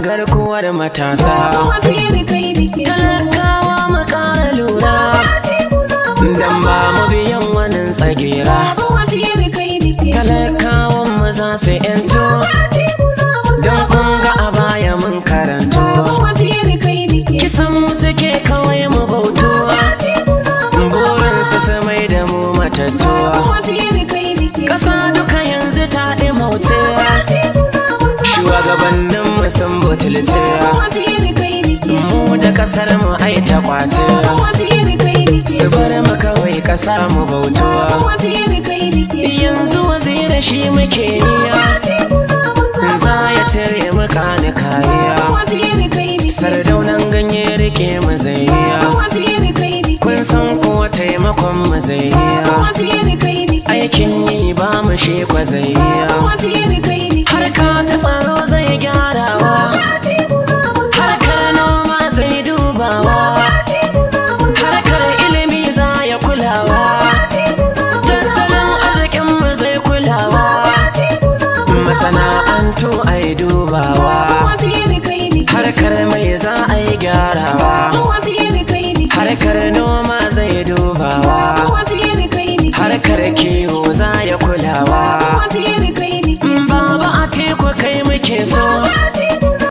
da matasa talakawa makara lura zan ba mu biyan wani tsagera talakawan mu su yanto don kunga a baya mun karanto kisan mu suke kawai mu bauto burinsu su mai da mu matattu ƙasa duka yanzu ta ɗi mautewa shugabannin mu sun mu da kasar mu ai ta kwace su bar mu kawai kasa mu bautuwa yanzu wazira shi muke niya za ya tare mu kani kariya sardaunan ganye rike mu zairiya kun san kuwa taimakon mu aikin yi ba mu shi kwa ake dubawa harkar mai za a yi gyarawa harkar noma zai dubawa harkar kiwo za